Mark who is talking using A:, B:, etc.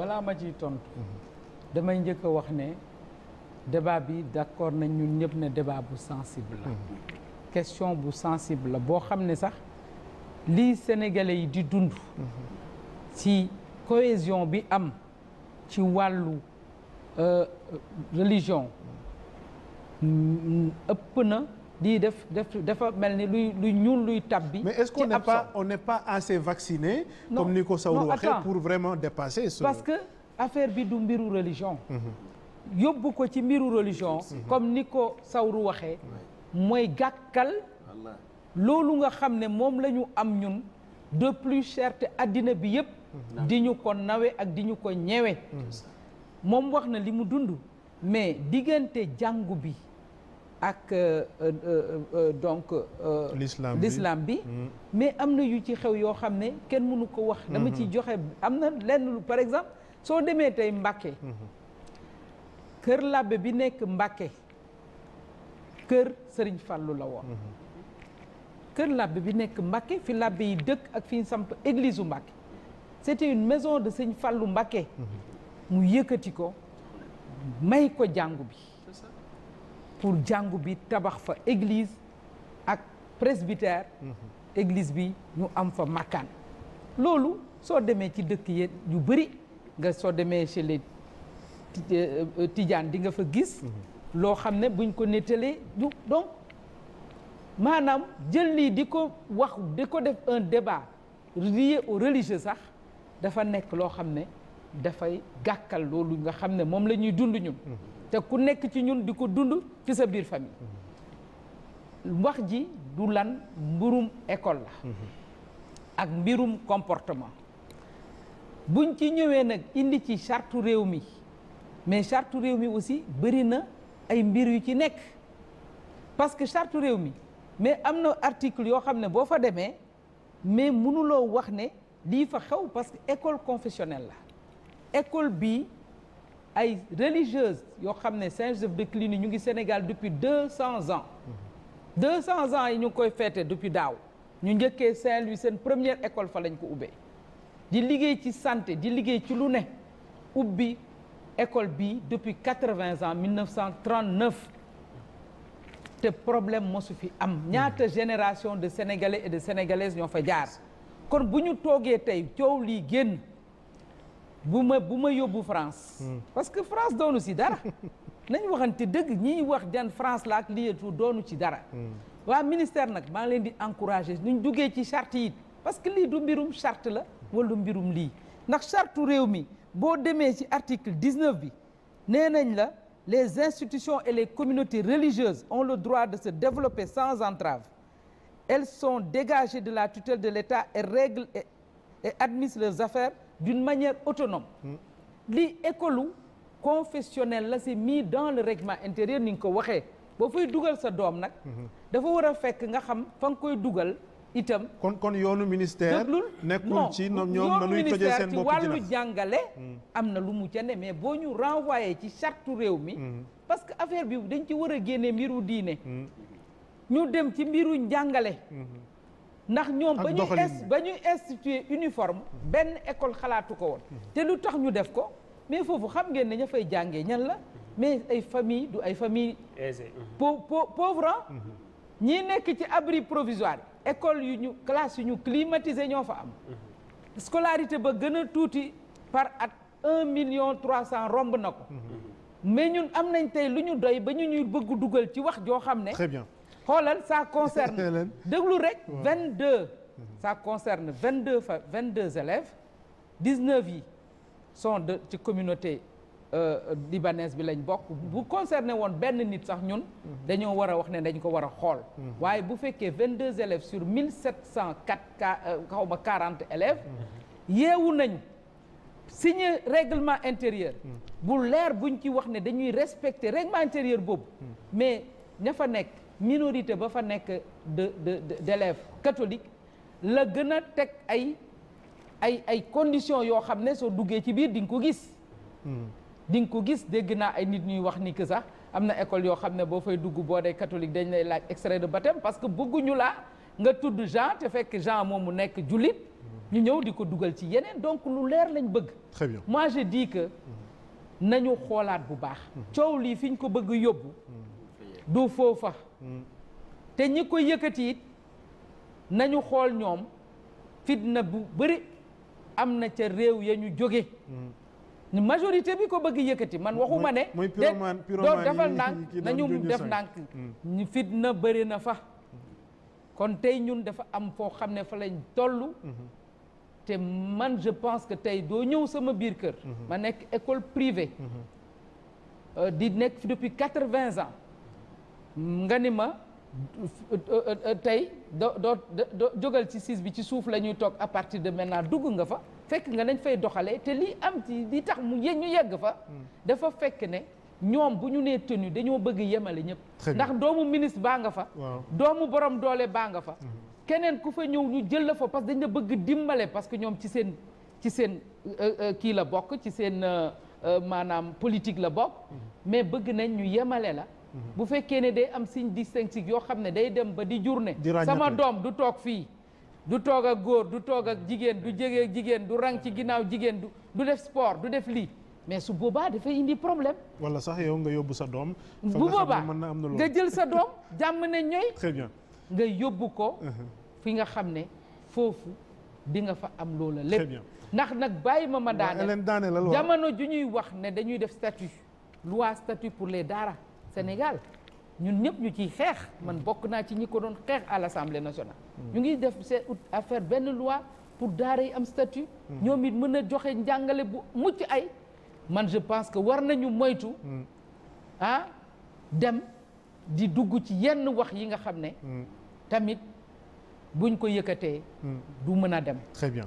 A: balaa ma ciy tontu. damay njëkk a wax ne débat bi d'accord nañ ñun ñëpp ne débat bu sensible la. question bu sensible la boo xam ne sax lii sénégalais yi di dund. ci cohésion bi am ci wàllu euh, religion ëpp na. di def def dafa mel ni luy luy ñuul luy tab bi. mais est-ce qu'on n'est pas on n'est pas assez vacciné. comme ni ko Saourou waxee pour vraiment dépasser. ce parce que affaire bi du mbiru religion. Mhm. yóbbu ko ci mbiru religion. Mhm. comme ni ko Saourou waxee. mooy gàkkal. loolu nga xam ne moom la ñu am ñun. de plus cher te addina bi yëpp. Mhm. di ñu ko nawe ak di ñu ko ñewe moom wax na li mu dund. mais diggante jàngu bi. ak euh, euh, euh, donc. l'islam bi mm. mais am na yu ci xew yoo xam ne kenn mënu ko wax. dama mm-hmm. ci joxe am na lenn par exemple soo demee tey Mbàkke. Mm-hmm. kër làbbe bi nekk Mbàkke kër Sëriñ Fàllu la woon. Mm-hmm. kër làbbe bi nekk Mbàkke fi làbbe yi dëkk ak fi ñu samp église u Mbàkke c'était une maison de Sëriñ Fàllu Mbàkke mu yëkkati ko may ko jàngu bi. pour jàngu bi tabax fa église ak presbytère mhm. église bi ñu am fa makkaan loolu soo demee ci dëkk yéen yu bëri nga soo demee chez les tijaan euh, euh, di nga fa gis mhm. loo xam ne buñ ko nettalee du donc maanaam jël lii di ko wax di ko def un débat lié au religieux sax dafa nekk loo xam ne dafay gàkkal loolu nga xam ne moom la ñuy dund ñun mhm. te ku nekk ci ñun di ko dund ci sa biir famille wax ji du lan mbirum école la ak mbirum comportement buñ ci ñëwee nag indi ci charte réew mi mais charte réew mi aussi bëri na ay mbir yu ci nekk parce que charte réew mi mais am na article yoo xam ne boo fa demee mais munuloo wax ne lii fa xew parce que école confessionnelle la école bii ay religieuses yoo xam ne Saint-Joseph de Cluny ñu ngi Sénégal depuis deux cents ans deux cents ans yi ñu ngi koy feete depuis daaw ñu njëkkee Saint-Louis seen première école fa lañ ko ubbee di liggéey ci santé di liggéey ci lu ne ubbi école bi depuis quatre-vingts ans 1939 te problème mosu fi am ñaata génération de sénégalais de sénégalaises ñoo fa jaar kon bu ñu toogee tey coow lii génn bu ma bu ma yóbbu France. Hmm. parce que France doonu si dara. nañ waxante dëgg ñiy wax jan France la ak liyetu doonu ci dara. Hmm. waa ministère nag maa leen di encouragé nuñ jugee ci charte yi parce que lii du mbirum charte la wala mbirum lii ndax charte réew mi boo demee ci article dix-neuf bi nee nañ la les institutions et les communautés religieuses ont le droit de se développer sans entrave. elles sont dégagées de la tutelle de l'État et règlent et, et administrent leurs affaires. d'une manière autonome hmm. li école confessionnelle la c'est mis dans le règlement intérieur ni nga ko waxee boo fay dugal sa doom nag hmm. dafa war a fekk nga xam fa nga koy dugal itam kon kon yoonu ministère nekkul ci ñoom nañuy tojee seen bopp ci wàllu jàngale hmm. am na lu mu ca ne mais boo ñu renvoyé ci charte réew mi parce que affaire bi dañ ci war a génnee mbiru diine ñu dem ci mbiru njàngale ndax ñoom ba ñuy ba ñuy instituer uniforme benn école xalaatu ko woon mm-hmm. te lu tax ñu def ko mais foofu xam ngeen ne ña fay jàngee ñan la mais ay famille du ay famille mm-hmm. pauvre mm-hmm. ñi nekk ci abri provisoire école yu ñu classe yu ñu climatiser ñoo fa am scolarité ba gën a tuuti par ak un million trois cent romb na ko mais ñun am nañ tey lu ñu doy ba ñu ñuy bëgg dugal ci wax joo xam ne xoolal ça concerne déglu rek vingt deux saa mm-hmm. concerne vingt deux fa vingt deux élèves dix neuf yi sont de ci communauté euh, libanaise bi lañ bokk mm-hmm. bu concerné woon benn nit sax ñun mm-hmm. dañoo war a wax ne dañ ko war a xool waaye bu fekkee vingt deux élèves sur mille sept cent quatre euh, xaw ma quarante élèves yeewu nañ signé réglement intérieur bu leer buñ ci wax ne dañuy respecter règlement intérieur boobu mais ña fa nekk minorité ba fa nekk de de d'élèves catholiques la gën a teg ay ay ay conditions yoo xam ne soo duggee ci biir di nga ko gis. Hmm. di nga ko gis dégg naa ay nit ñuy wax ni que sax am na école yoo xam ne boo fay dugg boo dee catholique dañ lay laaj extrait de baptême parce que bëgguñu laa nga tudd Jean te fekk Jean moomu nekk jullit. Hmm. ñu ñëw di ko dugal ci yeneen donc lu leer lañ bëgg. très bien moi hmm. nañu xoolaat bu baax. coow lii fi ñu ko bëgg yóbbu. du foofa te ñi koy yëkkati it nañu xool ñoom fitna bu bëri am na ca réew ya ñu jóge mm. majorité bi ko bëgg yëkkati man waxuma ne de doo defal ndànk nañu def ndànk ñu mm. fitna bëri na fa kon tey ñun dafa am foo xam ne fa lañ toll mm-hmm. te man je pense que tey doo ñëw sama biir kër mm-hmm. ma nekk école privée mm-hmm. euh, di nekk depuis quatre-vingts ans nga ni ma tey doo doo doo jógal ci siis bi ci suuf la ñuy toog à partir de maintenant dugg nga fa fekk nga nañ fay doxalee te lii am ci li tax mu yéen ñu yegg fa hmm. dafa fekk ne ñoom bu ñu nee tenu dañoo bëgg yemale ñëpp ndax doomu ministre baa nga fa doomu borom doole baa nga fa hmm. keneen ku fa ñëw ñu jël la fa parce que dañ la bëgg dimbale parce que ñoom ci seen ci seen euh, euh, kii la bokk ci seen euh, maanaam politique la bokk hmm. mais bëgg nañ ñu yemale la Mhm. bu fekkee ne day am signe distinctif yoo xam ne day dem ba di jur ne sama doom du toog fii du toog ak góor du toog ak jigéen du jege jigéen du rang ci ginnaaw jigéen du du def sport du def lii mais su boobaa dafay indi problème. wala sax yow nga yóbbu sa doom. bu boobaa nga jël sa doom jàmm ne ñooy. très bien nga yóbbu ko. Mhm. fi nga xam ne foofu di nga fa am loola lépp. très ndax nag bàyyi ma ma daane. jamono ju ñuy wax ne dañuy def statut. loi statut pour les daara. Sénégal ñun ñëpp ñu ciy xeex man bokk naa ci ñi ko doon xeex à l'Assemblée nationale. Mm. ñu ngi def seen affaire benn loi pour daara yi am statut. Mm. ñoom it mën a joxe njàngale bu mucc ay. man je pense que war nañu moytu. Mm. ah dem di dugg ci yenn wax yi nga xam ne. tamit buñ ko yëkkatee. du mën a dem. très bien.